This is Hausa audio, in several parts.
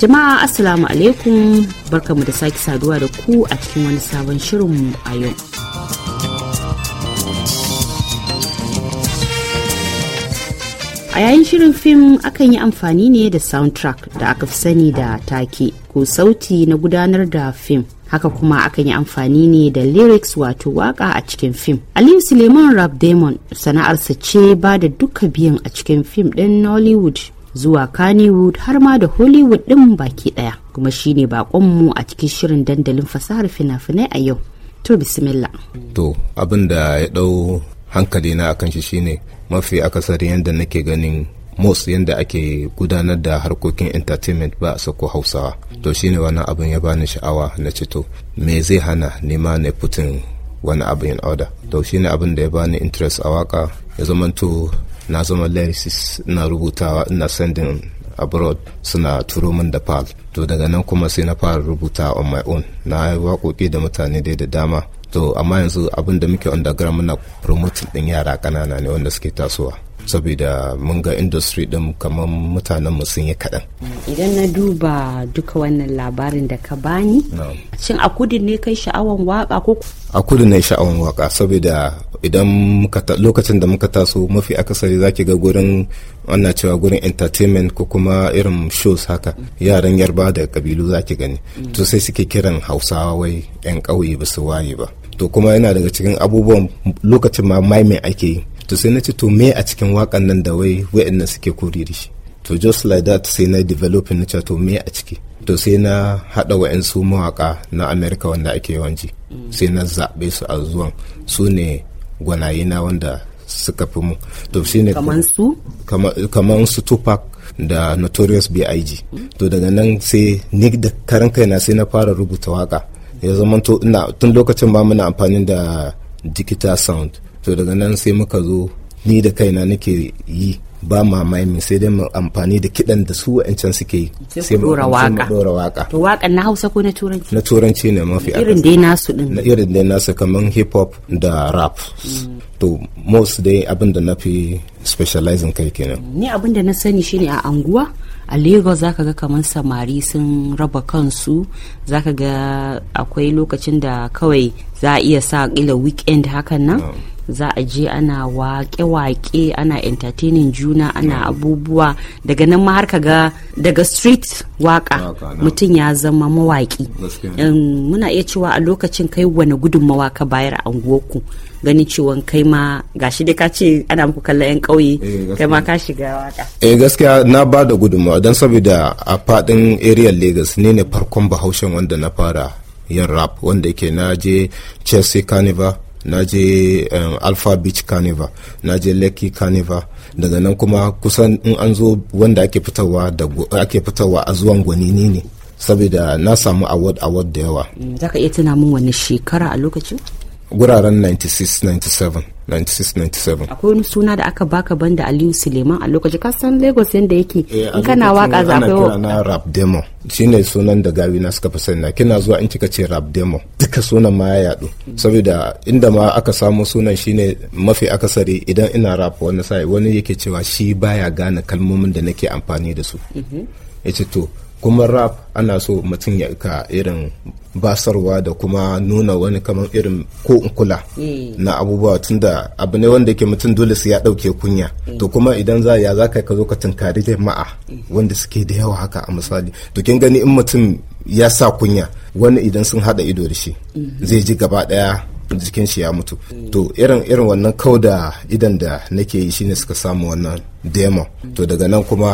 Jama'a Assalamu alaikum barkamu da sake saduwa da ku a cikin wani sabon shirinmu a yau. A yayin shirin fim akan yi amfani ne da soundtrack da aka fi sani da take ko sauti na gudanar da fim. Haka kuma akan yi amfani ne da lyrics wato waka a cikin fim. Aliyu Suleiman Rap Damon sana'arsa ce ba da duka biyan a cikin fim ɗin Nollywood zuwa Kannywood har ma da Hollywood ɗin baki ɗaya kuma shine mu a cikin shirin dandalin fasahar fina-finai a yau. To bismillah. To abin da ya ɗau hankali na akan shi shine mafi akasari yadda nake ganin mos yadda ake gudanar da harkokin entertainment ba a sako hausawa to shine wani abin ya bani sha'awa na to me zai hana nema ne putin wani abin in order to shine abin da ya bani interest a waka ya zamanto na zama lyricist ina rubutawa ina sendin abroad suna turo min da pal to daga nan kuma sai na fara rubuta on my own na waƙoƙi da mutane dai da dama to amma yanzu abin da muke underground muna promoting ɗin yara ƙanana ne wanda suke tasowa saboda mun ga industry din kamar mutanen mu sun yi kaɗan. idan na duba duka wannan labarin da ka bani shin a kudin ne kai sha'awan waka ko a kudin ne sha'awan waka saboda idan lokacin da muka taso mafi akasari zaki ga gurin ana cewa gurin entertainment ko kuma irin shows haka yaran yarba da kabilu zaki gani mm. to sai suke kiran hausawa wai yan kauye ba su waye ba to kuma yana daga cikin abubuwan lokacin ma mai ake yi to sai na ce to me a cikin wakan nan da wai nan suke kori da shi to just like that sai na developing na to me a ciki to sai na haɗa su mawaka na america wanda ake yawanci sai na zaɓe su a zuwan su ne gwanaye na wanda suka fi mu to shi ne kamar su su tupac da notorious big to daga nan sai ni da karan kaina sai na fara rubuta waka ya zama tun lokacin ba muna amfani da digital sound to daga nan sai muka zo ni da kaina nake yi ba mamaye mai sai dai mu amfani da kidan da su wa'ancan suke yi sai mu dora waka waka to wakan na Hausa ko na Turanci na Turanci ne mafi irin dai nasu din irin dai nasu kaman hip hop da rap mm. to most dai abin da na fi specializing kai kenan mm. ni abin da na sani shine a anguwa a lagos zaka ga kaman samari sun raba kansu zaka ga akwai lokacin da kawai za a iya sa kila weekend hakan nan no. Mm. za a je ana waƙe-waƙe ana entertaining juna ana mm. abubuwa daga nan ma har ka ga daga street waka mutum ya zama mawaƙi um, muna iya cewa a lokacin kai wani gudunmawa ka bayar a unguwarku ganin ciwon kai ma gashi dai ka ce ana muku kallon yan ƙauye eh, kai ma ka shiga waka eh gaskiya na ba da gudunmawa don saboda a faɗin area lagos ne ne farkon bahaushen wanda na fara yan rap wanda ke na je chelsea carnival na je um, alpha beach carnival na je lekki carnival daga nan kuma kusan in an zo wanda ake fitarwa da ake fitarwa a zuwan gwanini ne saboda na samu award award da yawa mm, za ka iya tuna min wani shekara a lokacin guraren 96 97 96 97 akwai wani suna da aka baka banda aliyu suleiman a lokacin kasan san lagos yadda yake eh, in kana waka za ka na rap demo shine sunan da gawi na suka fi sani kina zuwa in kika ce rap demo duka sunan ma ya yadu saboda inda ma aka samu sunan shine mafi akasari idan ina rap wani sai wani yake cewa shi baya gane kalmomin da nake amfani da su mhm. yace kuma rap ana so mutum ya ka irin basarwa da kuma nuna wani kamar irin ko kula eh. na abubuwa tunda abu ne wanda ke mutum dole su ya dauke kunya eh. to kuma idan za ya za ka zo ka tunkari jama'a eh. wanda suke da yawa haka a misali to kin gani in mutum ya sa kunya wani idan sun hada ido da shi mhm. zai ji gaba daya jikin shi ya mutu to irin irin wannan kauda idan da nake yi shine suka samu wannan demo mm. to daga nan kuma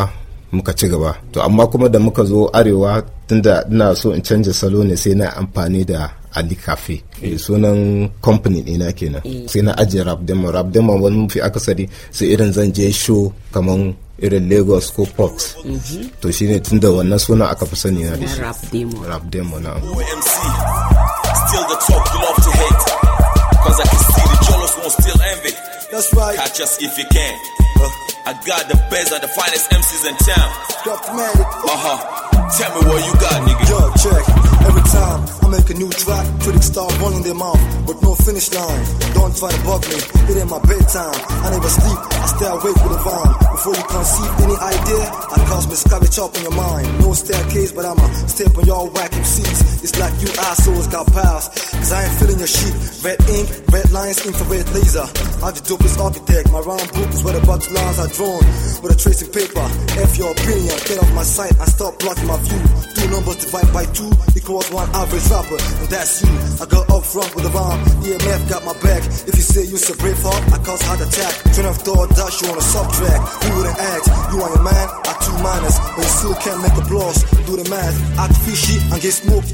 muka ci gaba to amma kuma da muka zo arewa tunda ina so in canja salo ne sai na amfani da ali cafe eh, sunan company ɗina kenan eh. sai na ajiye rap demo rap demo wani mafi akasari sai irin zan je show kaman irin lagos ko port mhm. to shine tunda wannan sunan aka fi sani na da shi rap demo na I got the best of the finest MCs in town. Uh huh. Tell me what you got, nigga. Yo, check. Every time I make a new track, critics start running their mouth, but no finish line. Don't try to bug me, it ain't my bedtime. I never sleep, I stay awake with a vine. Before you conceive any idea, I cause miscarriage up in your mind. No staircase, but I'ma step on your wacky seats. It's like you assholes got pals, cause I ain't feeling your shit. Red ink, red lines, infrared laser. I'm the dopest architect, my rhyme book is where the box lines are drawn. With a tracing paper, F your opinion, get off my sight and stop blocking my view. Two numbers divided by two, toward one average rapper, and that's you. I go up front with a bomb, EMF got my back. If you say you're a brave heart, I cause heart attack. Turn off door, dash you on a subtrack. Who wouldn't act, you are your man, I two minus, but you still can't make a bloss. Do the math, act fishy and get smoked.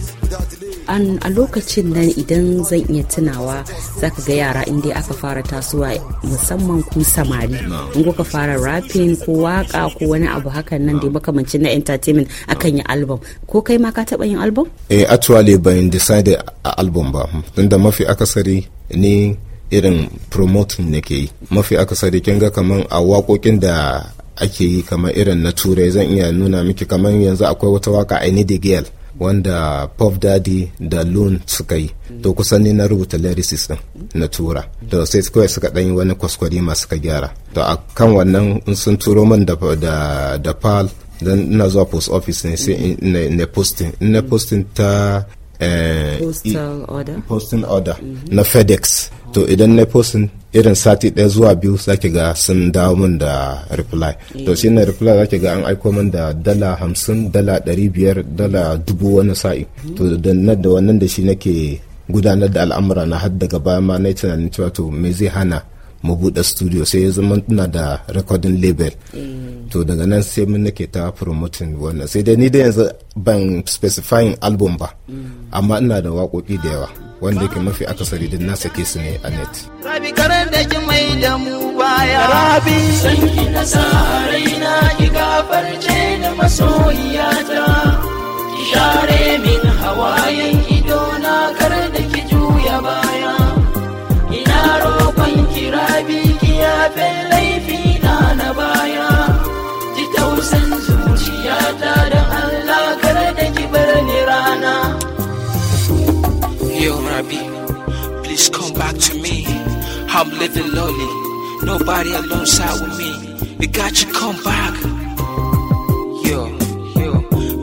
An a lokacin nan idan zan iya tunawa za ka ga yara inda aka fara tasowa musamman ku samari in kuka fara rapping ko waka ko wani abu hakan nan da makamancin na entertainment akan yi album ko kai ma ka taba yin album eh actually ban decide a album ba tunda mafi akasari ni irin promoting nake yi mafi akasari kin ga kaman a waƙoƙin da ake yi kamar irin na turai zan iya nuna miki kamar yanzu akwai wata waka i need a girl wanda pop daddy da loon suka yi to kusan ni na rubuta lyrics din na tura to sai kawai suka ɗanyi wani kwaskwari masu ka gyara to a kan wannan in sun turo man da pal don ina zuwa post office ne sai na posting na posting ta eh, posting order mhm. na fedex to idan na posting irin sati ɗaya zuwa biyu zaki ga sun dawo min da reply to eh. shi ne reply zaki ga an aiko min da dala hamsin dala ɗari biyar dala dubu wani sa'i to mhm. da wannan da shi nake gudanar da al'amura na har daga baya ma na yi tunanin cewa to me zai hana mu buɗe studio sai ya zama ina da recording label eh. to daga nan sai mun nake ta promoting wannan sai dai ni da yanzu ban specifying album ba mm. amma ina da waƙoƙi da yawa wanda ke mafi akasari din na sake su ne a net rabi karan da ki mai da mu baya rabi san ki na sa raina ki gafarce da masoyiyata ki share min hawayen ido na kar da ki juya baya ina roƙo Yo please come back to me I'm living lonely nobody alongside with me we got you come back Yo Yo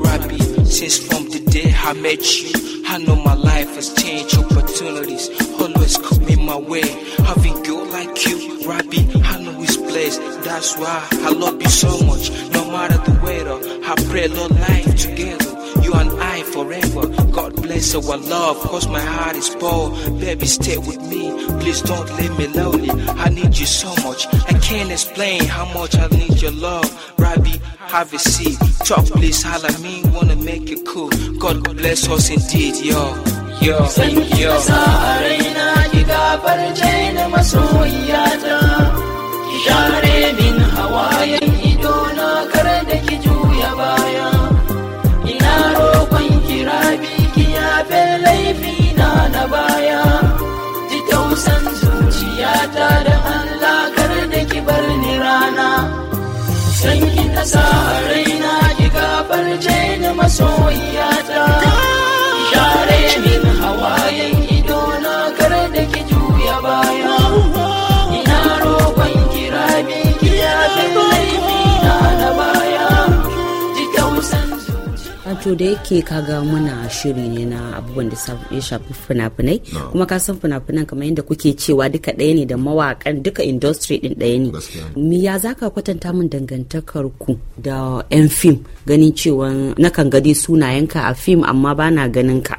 Rabbi. since from the day I met you I know my life has changed, opportunities always coming my way. Having girl like you, Rabbi, I know it's blessed. That's why I love you so much. No matter the weather, I pray, Lord, life together. You and I life forever. God bless our love, cause my heart is poor. Baby, stay with me. Please don't leave me lonely. I need you so much. I can't explain how much I need your love. Rabbi, have a seat. Talk, please, holla me. Wanna make it cool. God bless us indeed, yo. Yo, yo. Share min shafin laifi na baya ji tausan zuciyata da allakar da ki bar ni rana san ki ta sa raina ki gafarce ni masoyiyata share min hawayen ki to da yake kaga muna shiri ne na abubuwan da ya shafi fina-finai kuma ka san fina-finan kamar yadda kuke cewa duka ɗaya ne da mawakan duka industry din ɗaya ne me ya ka kwatanta min dangantakar ku da yan fim ganin cewa nakan gadi sunayenka a fim amma ba na ganin ka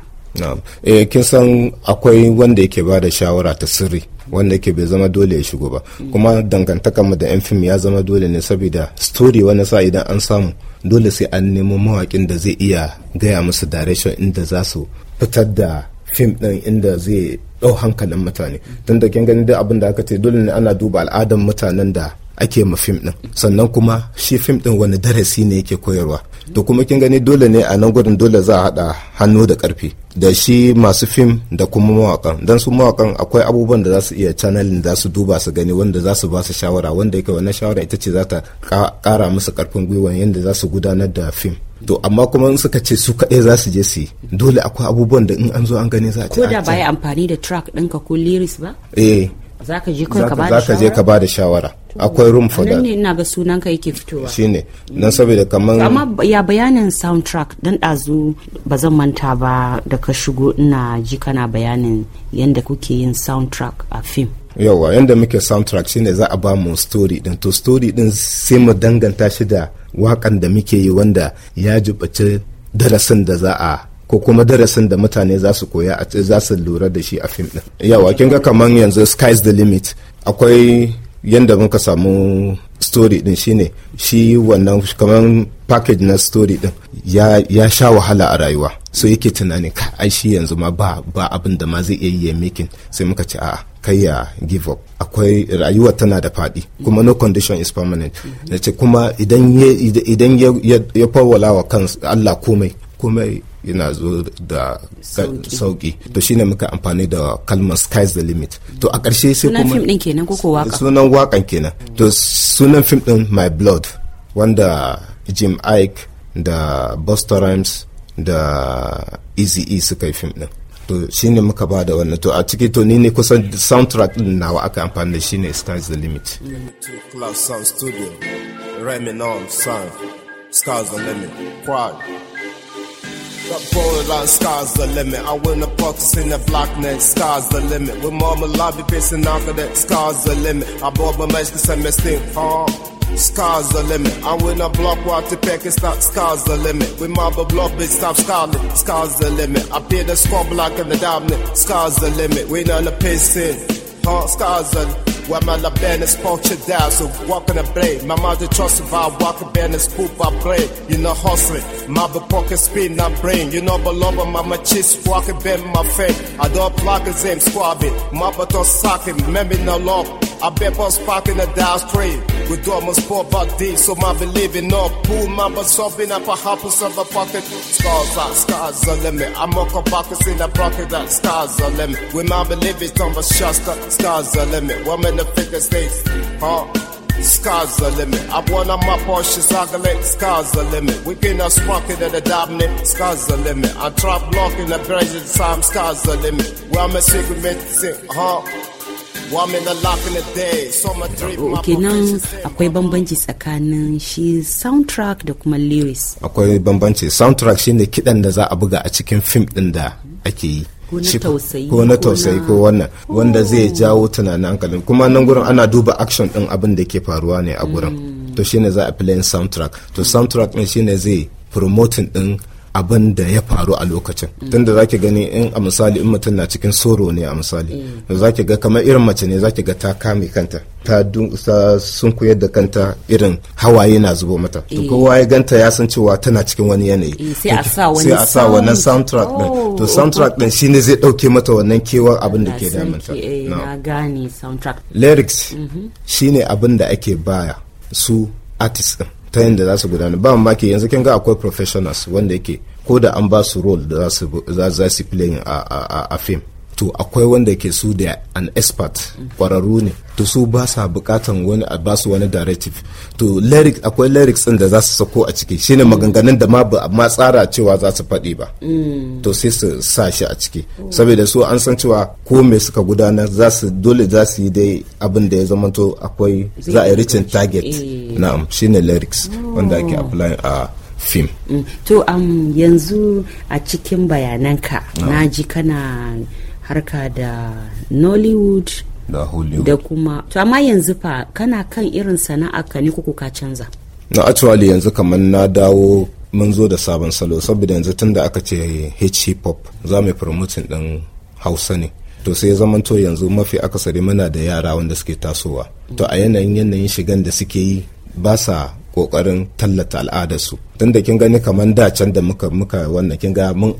eh, kin san akwai wanda yake ba da shawara ta sirri wanda ke bai zama dole ya shigo ba kuma dangantakar mu da yan fim ya zama dole ne saboda story wani sa idan an samu dole sai an nemo mawakin da zai iya gaya musu direction inda za su fitar da fim ɗin inda zai ɗau hankalin mutane tun da kin gani duk abin da aka ce dole ne ana duba al'adan mutanen da ake ma fim ɗin sannan kuma shi fim ɗin wani darasi ne yake koyarwa to kuma kin gani dole ne a nan gudun dole za a haɗa hannu da ƙarfi da shi masu fim da kuma mawakan don su mawakan akwai abubuwan da za su iya channeling za su duba su gani wanda za su ba su shawara wanda yake wannan shawara ita ce za ta ƙara musu ƙarfin gwiwa yadda za su gudanar da fim to amma kuma in suka ce su kaɗai za su je su dole akwai abubuwan da in an zo an gani za a ce ko da ah, ba amfani da track ɗinka ko lyrics ba eh za ka je ka ba da shawara akwai room for that ne ina ga sunan ka yake fitowa shine nan saboda kaman amma ya bayanin soundtrack dan ɗazu. ba zan manta ba da ka shigo ina ji kana bayanin yanda kuke yin soundtrack a fim. yawa yanda muke soundtrack shine za a ba mu story din to story din sai mu danganta shi da wakan da muke yi wanda ya jibace darasin da za a ko kuma darasin da mutane za su koya za su lura da shi a fim ɗin. yawa kin ga kaman yanzu sky's the limit akwai yanda muka samu story din shine shi wannan kaman package na story din ya, ya sha wahala a rayuwa so yake tunanin ka ai shi yanzu ma ba ba abin da ma zai iya yi making sai muka ce a'a kai ya give up akwai rayuwa tana da faɗi kuma no condition is permanent na ce kuma idan ya idan ya fawwala wa kansa Allah komai komai yana zo da sauki to shine muka amfani da kalmar sky's the limit to a ƙarshe sai kuma sunan fim din kenan koko waka sunan wakan kenan to sunan fim din my blood wanda jim ike da buster rhymes da easy e suka yi fim din to shine muka ba da wannan to a ciki to ni ne kusan soundtrack din nawa aka amfani da shine sky's the limit Cloud Sound Studio, Remy Sound, Sky's the Limit, Pride. Got borderline stars the limit. I win the practice in the block net, stars the limit. With mama lobby pissing off of that, scars the limit. I bought my magic and my stink, huh? Scars the limit. I win a block while to pack and stop scars the limit. With marble block bitch stop scarlet, scars the limit. I pay the squad block and the dominant, scars the limit. We none the pissing, huh? Scars the limit. Where my la bandits punch you down, so walk on the blade. My mother trust if I walk a bandits poop, I play. You know hustling, my pocket spin, I brain. You know below my my chest, walk a bend my face. I don't block a zim, squab My butt on socket, memory no lock. I We do är där straight. Går damer spårvakt dit som man vill leva upp. Poolmamman som vinner på happen server pocket. stars, are limit. I'm in pocket. backen sina bracket där. Skaza lemmy. When man vill leva som var tjaska. limit. lemmy. in the figure states. Huh? Stars, are limit. I wanna my Porsche Sagale. Stars, are limit. We can a sparking at the dominant. Stars, are limit. I drop blocking the present time. Stars, are limit. Well, I'm a secret medicine, huh? Oh, ok nan akwai bambanci tsakanin shi soundtrack da kuma lyrics akwai bambanci soundtrack shine kidan da za a buga a cikin fim din da ake yi ko na tausayi ko wannan wanda zai oh. jawo tunanin hankalin kuma nan gurin ana duba action din abin da ke faruwa ne a gurin hmm. to shine za a play soundtrack to soundtrack din shine zai promoting din abin da ya faru a lokacin mm. tunda za ki gani in a misali in mutum na cikin soro ne a misali mm. za ga kamar irin mace ne zaki ga ta kame kanta ta sun koyar da kanta irin hawaye na zubo mata to eh. kowa ya ganta ya san cewa tana cikin wani yanayi eh, sai a sa wani soundtrack din oh, to soundtrack din shine zai dauke mata wannan kewar abin da ke damunta eh, na gane soundtrack lyrics mm-hmm. shine abin da ake baya su artist din ta yadda za su gudana ba mamaki yanzu kin ga akwai professionals wanda yake ko da an ba su role da za su playing a, fim. film to akwai wanda ke su da an expert kwararru ne to su ba sa bukatan wani a basu wani directive to lyrics akwai lyrics ɗin da za su sako a ciki shine maganganun da ma ba ma tsara cewa za su faɗi ba mm. to sai su sa shi a ciki saboda su an san cewa ko me suka gudanar za su dole za su yi dai abin da ya to akwai za a yi reaching target eh. na'am shine lyrics oh. wanda ake apply a fim. Mm. To yanzu a cikin bayananka na ji kana harka da nollywood da hollywood da kuma to amma yanzu fa kana kan irin sana'a ka ne kuku ka canza na actually yanzu kamar na dawo mun zo da sabon salo saboda yanzu tunda aka ce hip hop za mu promoting din hausa ne to sai ya zamanto yanzu mafi akasari muna da yara wanda suke tasowa to a yanayin yanayin shigan da suke yi ba sa kokarin tallata al'adarsu tun da kin gani kamar da can da muka muka wannan kin ga mun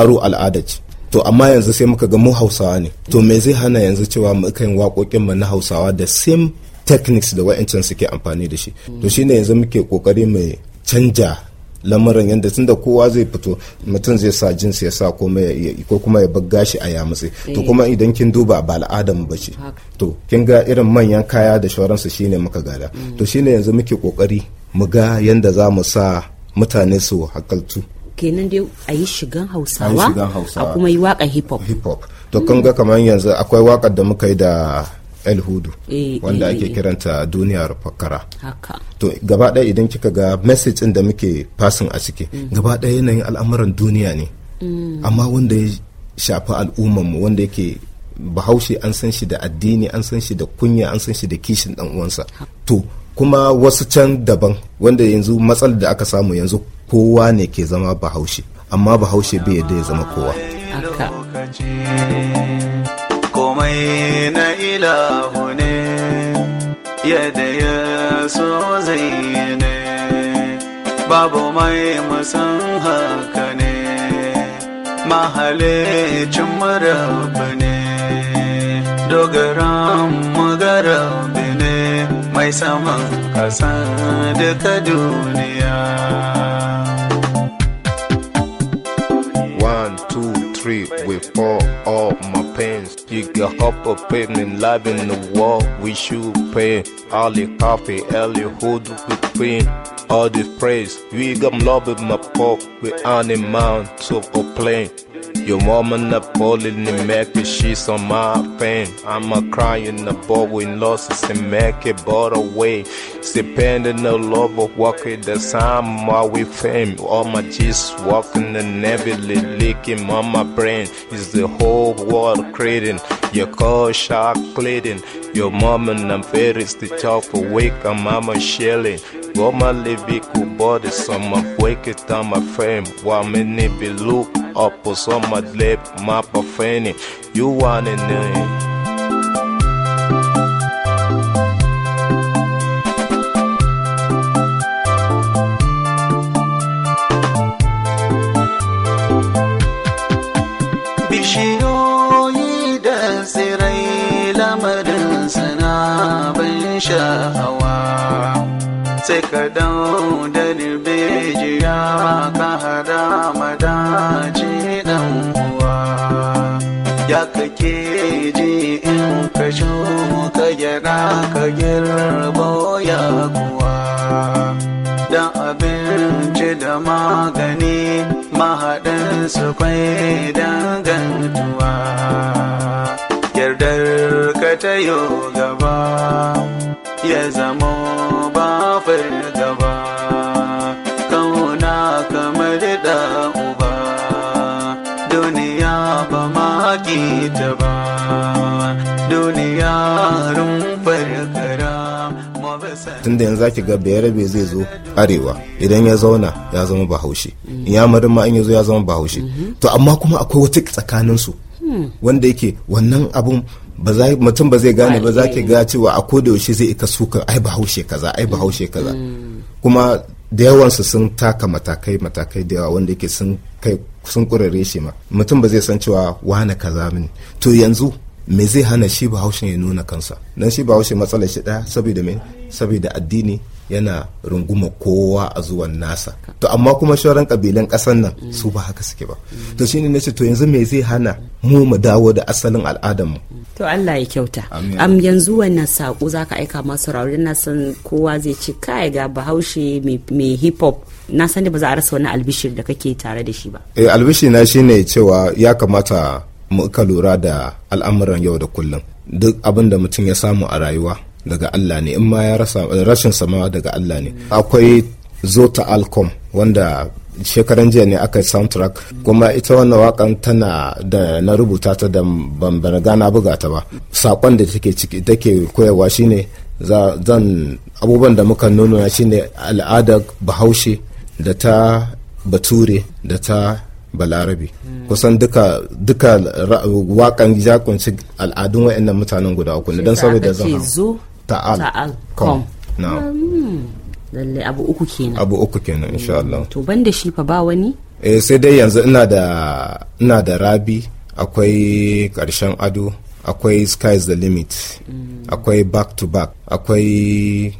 aro al'adar to amma yanzu sai muka ga mu hausawa ne to me zai hana yanzu cewa mu kan waƙoƙin mu na hausawa da same techniques da wa'ancan suke amfani da shi to shine yanzu muke kokari mu canja lamarin yadda tunda kowa zai fito mutum zai sa jinsi ya sa ko kuma ya bugga shi a yamutse to eh. kuma idan kin duba ba al'adam ba ce to kin ga irin manyan kaya da shawararsa shine muka gada mm. to shine yanzu muke kokari mu ga yadda za mu sa mutane su hakaltu kenan dai a yi shigan hausawa a kuma yi wakan hip hop hip hop to kun ga kamar yanzu akwai wakar da muka yi da el hudu eh, eh, wanda ake eh. kiranta duniyar fakara to gaba ɗaya idan kika ga message ɗin da muke fasin a ciki mm. gaba ɗaya yanayin al'amuran duniya ne mm. amma wanda ya shafi al'ummanmu wanda yake bahaushe an san shi da addini an san shi da kunya an san shi da kishin dan uwansa to kuma wasu can daban wanda yanzu matsalar da aka samu yanzu kowa ne ke zama bahaushe amma bahaushe bai yadda ya zama kowa komai na ilahu ne yadda ya so zai ne babu mai musan haka ne mahalicin marabu ne dogaran mai saman ƙasa duka duniya One, two, three, we pour all my pains. You got up a pavement, live in the wall, we should pay. All the coffee, all the hood with pain. All the praise, we got love with my pop, we animal, to complain. Your woman not pulling in the market, she's on my pain. I'm a crying a boy in losses and make it bought away. Depending on love of walking the same? while we fame. All my G's walking and heavily leaking on my brain. Is the whole world creating your cold shark cleaning. Your mom and I'm very the talk awake, I'm mama shelling. Go my living body, some of wake it on my frame. While many be look up or some madlib map of any you wanna bishiyoyi da tsirai lamarin sana ban sha'awa sai ka dau da ribejiya ka hada madaji ji in ka ka gyaɗa ka girbo ya kuwa da abinci da magani mahaɗin su kwai dangantuwa yardar ka ta gaba ya zama ba firga tunda yanzu zaki ga bayarabe zai zo arewa idan ya zauna ya zama bahaushe yamarin ma in ya zo ya zama bahaushe to amma kuma akwai wata tsakanin su wanda yake wannan abun mutum ba zai gane ba zaki ga cewa a koda yaushe zai ika suka ai bahaushe kaza ai bahaushe kaza kuma da su sun taka matakai matakai da yawa wanda yake sun kai sun kurare shi ma mutum ba zai san cewa wane kaza mini to yanzu me zai hana shi bahaushen ya nuna kansa dan shi bahaushe matsala shi ɗaya saboda me saboda addini yana runguma kowa a zuwan nasa to amma kuma shauran kabilan ƙasar nan su ba haka suke ba to shine na ce to yanzu me zai hana mu mu dawo da asalin al'adarmu to Allah ya kyauta am yanzu wannan sako zaka aika masu rauri na san kowa zai ce kai ga bahaushe mai hip hop na san da ba za a rasa wani albishir da kake tare da shi ba eh albishir na shine cewa ya kamata muka lura da al'amuran yau da kullum duk abin da mutum ya samu a rayuwa daga Allah ne in ma ya rasa rashin samawa daga Allah ne akwai zota alcom wanda shekaran jiya ne aka soundtrack kuma ita wannan wakan tana da na rubuta ta da ban gana buga ta ba sakon da take ciki take koyarwa shine zan abubuwan da muka nuna shine al'adar bahaushe da ta bature da ta balarabe kusan duka duka wakan ya kunshi al'adun wa'annan mutanen guda uku ne don saboda zan zo ta'al kom na hmm. lalle abu uku kenan abu uku kenan insha hmm. Allah to ban shi fa ba wani eh sai dai yanzu ina da ina da rabi akwai karshen ado akwai sky is the limit hmm. akwai back to back akwai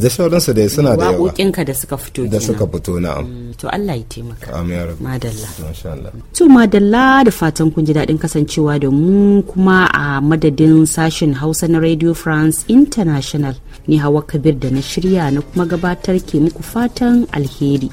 da sauransu da suna da yawa waƙoƙinka da suka fito da suka fito mm, to Allah ya taimaka amin ya rabu madalla masha Allah to madalla da fatan kun ji daɗin kasancewa da mu kuma a madadin sashin Hausa na Radio France International ni Hawa Kabir da na shirya na kuma gabatar ke muku fatan alheri